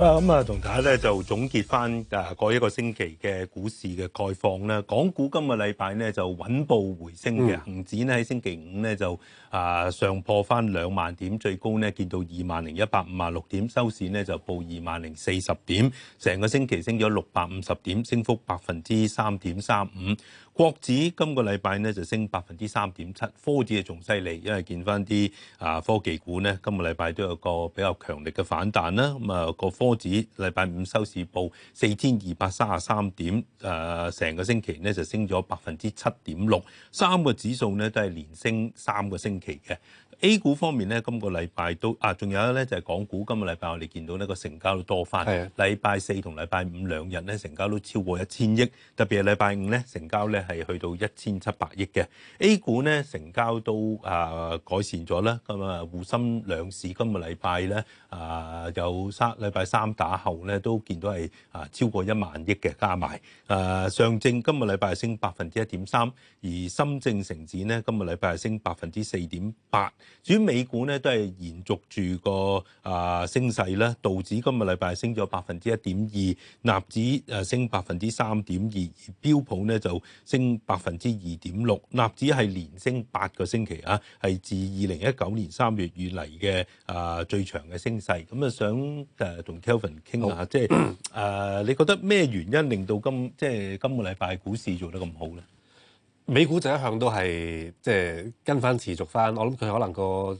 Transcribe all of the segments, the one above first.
啊咁啊，同大家咧就總結翻誒過一個星期嘅股市嘅概況啦。港股今個禮拜咧就穩步回升嘅，恒、嗯、指咧喺星期五咧就啊上破翻兩萬點，最高咧見到二萬零一百五啊六點，收市呢就報二萬零四十點，成個星期升咗六百五十點，升幅百分之三點三五。國指今個禮拜咧就升百分之三點七，科指啊仲犀利，因為見翻啲啊科技股咧，今個禮拜都有個比較強力嘅反彈啦。咁啊個科指禮拜五收市報四千二百三十三點，誒成個星期咧就升咗百分之七點六，三個指數咧都係連升三個星期嘅。A 股方面咧，今個禮拜都啊，仲有咧就係港股，今個禮拜我哋見到咧個成交都多翻，禮拜四同禮拜五兩日咧成交都超過一千億，特別係禮拜五咧成交量。係去到一千七百億嘅 A 股咧，成交都啊、呃、改善咗啦。咁啊，滬深兩市今個禮拜咧啊有三禮拜三打後咧，都見到係啊超過一萬億嘅加埋、呃。上證今個禮拜升百分之一點三，而深證成指呢，今個禮拜係升百分之四點八。至於美股咧，都係延續住個啊升勢啦。道指今個禮拜升咗百分之一點二，納指誒升百分之三點二，而標普咧就升百分之二點六，納指係連升八個星期啊，係自二零一九年三月以來嘅啊最長嘅升勢。咁、嗯、啊，想誒同 Kelvin 傾下，即係誒，你覺得咩原因令到今即係今個禮拜股市做得咁好咧？美股就一向都係即係跟翻持續翻，我諗佢可能個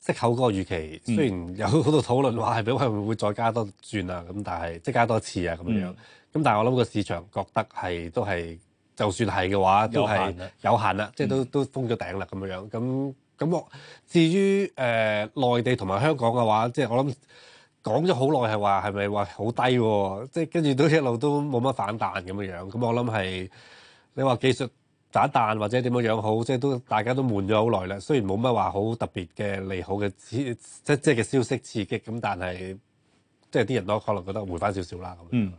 息口嗰個預期，嗯、雖然有好多討論話係俾佢會唔會再加多轉啊，咁但係即係加多次啊咁樣。咁、嗯、但係我諗個市場覺得係都係。就算係嘅話，都係有限啦，限嗯、即係都都封咗頂啦，咁樣樣。咁咁我至於誒、呃、內地同埋香港嘅話，即係我諗講咗好耐係話係咪話好低喎？即係跟住都一路都冇乜反彈咁樣樣。咁我諗係你話技術打彈，彈或者點樣樣好，即係都大家都悶咗好耐啦。雖然冇乜話好特別嘅利好嘅即即嘅消息刺激咁，但係即係啲人都可能覺得回翻少少啦。嗯。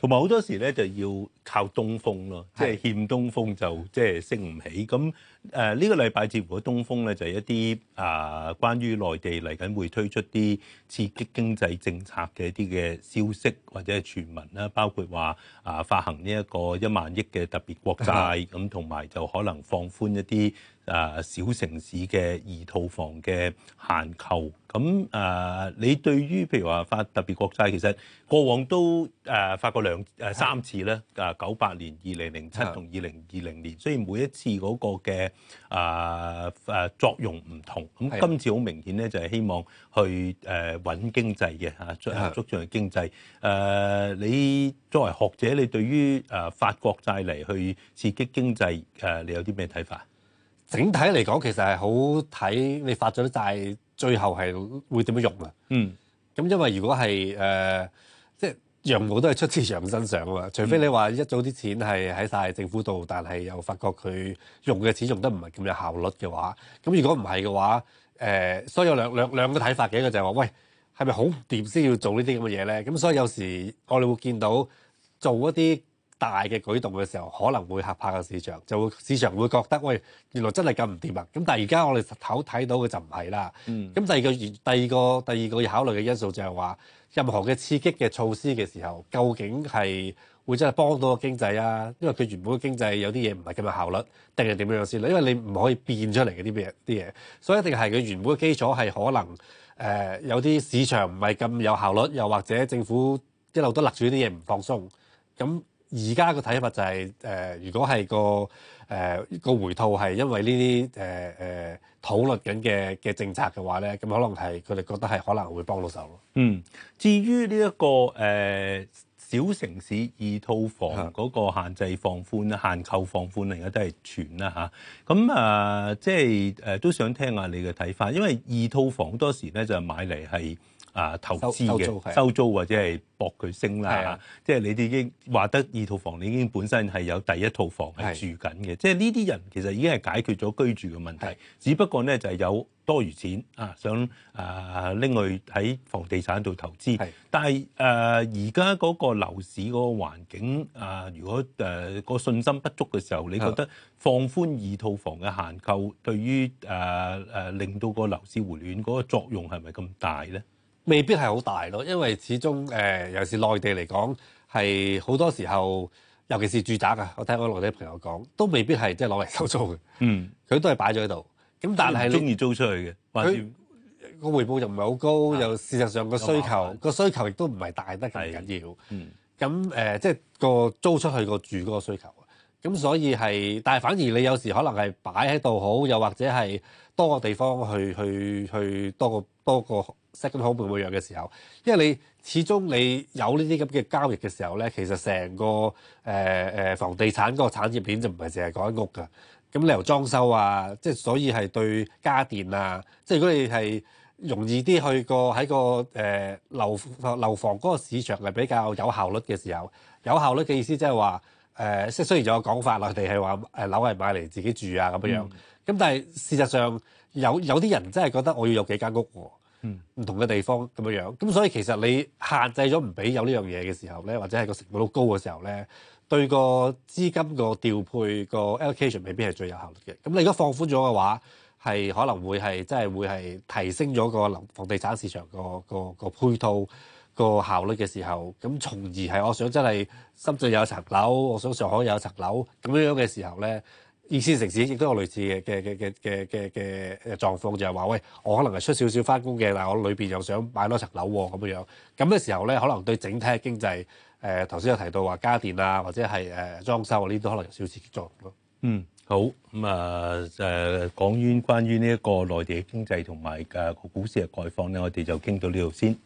同埋好多時咧就要靠東風咯，即係欠東風就即係升唔起。咁誒呢個禮拜似如果東風咧，就係一啲誒關於內地嚟緊會推出啲刺激經濟政策嘅一啲嘅消息或者係傳聞啦，包括話啊發行呢一個一萬億嘅特別國債，咁同埋就可能放寬一啲誒小城市嘅二套房嘅限購。咁、嗯、誒，你對於譬如話發特別國債，其實過往都誒發過兩誒三次咧，誒九八年、二零零七同二零二零年，所以每一次嗰個嘅誒誒作用唔同。咁、嗯、今次好明顯咧，就係希望去誒穩、啊、經濟嘅嚇，促促進經濟、啊。你作為學者，你對於誒發國債嚟去刺激經濟誒，你有啲咩睇法？整體嚟講，其實係好睇你發咗啲債。最後係會點樣用啊？嗯，咁因為如果係誒，即係羊毛都係出自羊身上啊嘛。除非你話一早啲錢係喺晒政府度，但係又發覺佢用嘅錢用得唔係咁有效率嘅話，咁如果唔係嘅話，誒、呃，所以有兩兩兩個睇法嘅，一個就係、是、話，喂，係咪好掂先要做這些東西呢啲咁嘅嘢咧？咁所以有時我哋會見到做一啲。大嘅舉動嘅時候，可能會嚇怕個市場，就會市場會覺得喂，原來真係咁唔掂啊！咁但係而家我哋實頭睇到嘅就唔係啦。咁、嗯、第二個，第二個，第二個要考慮嘅因素就係、是、話，任何嘅刺激嘅措施嘅時候，究竟係會真係幫到個經濟啊？因為佢原本嘅經濟有啲嘢唔係咁有效率，定係點樣先？因為你唔可以變出嚟嘅啲嘢啲嘢，所以一定係佢原本嘅基礎係可能誒、呃、有啲市場唔係咁有效率，又或者政府一路都勒住啲嘢唔放鬆咁。而家個睇法就係、是、誒、呃，如果係個誒、呃、個回吐係因為呢啲誒誒討論緊嘅嘅政策嘅話咧，咁可能係佢哋覺得係可能會幫到手咯。嗯，至於呢、這、一個誒、呃、小城市二套房嗰個限制放寬，寬、限購放寬，而家都係全啦吓咁誒即係誒、呃、都想聽下你嘅睇法，因為二套房多時咧就買嚟係。啊！投資嘅收、收租或者係搏佢升啦，啊，即係你哋已經話得二套房，你已經本身係有第一套房係住緊嘅，即係呢啲人其實已經係解決咗居住嘅問題的，只不過咧就係，是，有多餘錢啊，想啊拎去喺房地產度投資。的但係誒而家嗰個樓市嗰個環境啊，如果誒，啊那個信心不足嘅時候，你覺得放寬二套房嘅限購，對於誒誒，啊啊，令到個樓市回暖嗰個作用係咪咁大咧？未必係好大咯，因為始終誒，尤其是內地嚟講，係好多時候，尤其是住宅啊。我聽我內地朋友講，都未必係即係攞嚟收租嘅。嗯，佢都係擺咗喺度。咁但係唔中意租出去嘅，佢個回報就唔係好高。又事實上個需求個需求亦都唔係大得咁緊要。嗯，咁誒，即係個租出去個住嗰個需求啊。咁所以係，但係反而你有時可能係擺喺度好，又或者係多個地方去去去多個多個。s e 好個口會會樣嘅時候，因為你始終你有呢啲咁嘅交易嘅時候咧，其實成個、呃、房地產個產業鏈就唔係淨係講喺屋㗎。咁你由裝修啊，即係所以係對家電啊，即係如果你係容易啲去過個喺個誒樓房嗰個市場係比較有效率嘅時候，有效率嘅意思即係話即係雖然有個講法啦，佢哋係話誒樓係買嚟自己住啊咁樣樣咁，嗯、但係事實上有有啲人真係覺得我要有幾間屋喎。嗯、唔同嘅地方咁樣樣，咁所以其實你限制咗唔俾有呢樣嘢嘅時候呢，或者係個成本都高嘅時候呢，對個資金個調配個 allocation 未必係最有效率嘅。咁你如果放寬咗嘅話，係可能會係真係會係提升咗個房地產市場個個個配套個效率嘅時候，咁從而係我想真係深圳有一層樓，我想上海有一層樓咁樣嘅時候呢。二線城市亦都有類似嘅嘅嘅嘅嘅嘅嘅狀況，就係話喂，我可能係出少少翻工嘅，但係我裏邊又想買多層樓喎，咁樣。咁嘅時候咧，可能對整體嘅經濟，誒頭先有提到話家電啊，或者係誒裝修啊，呢啲都可能有少少刺激作用咯。嗯，好。咁啊誒，講完關於呢一個內地嘅經濟同埋嘅股市嘅概況咧，我哋就傾到呢度先。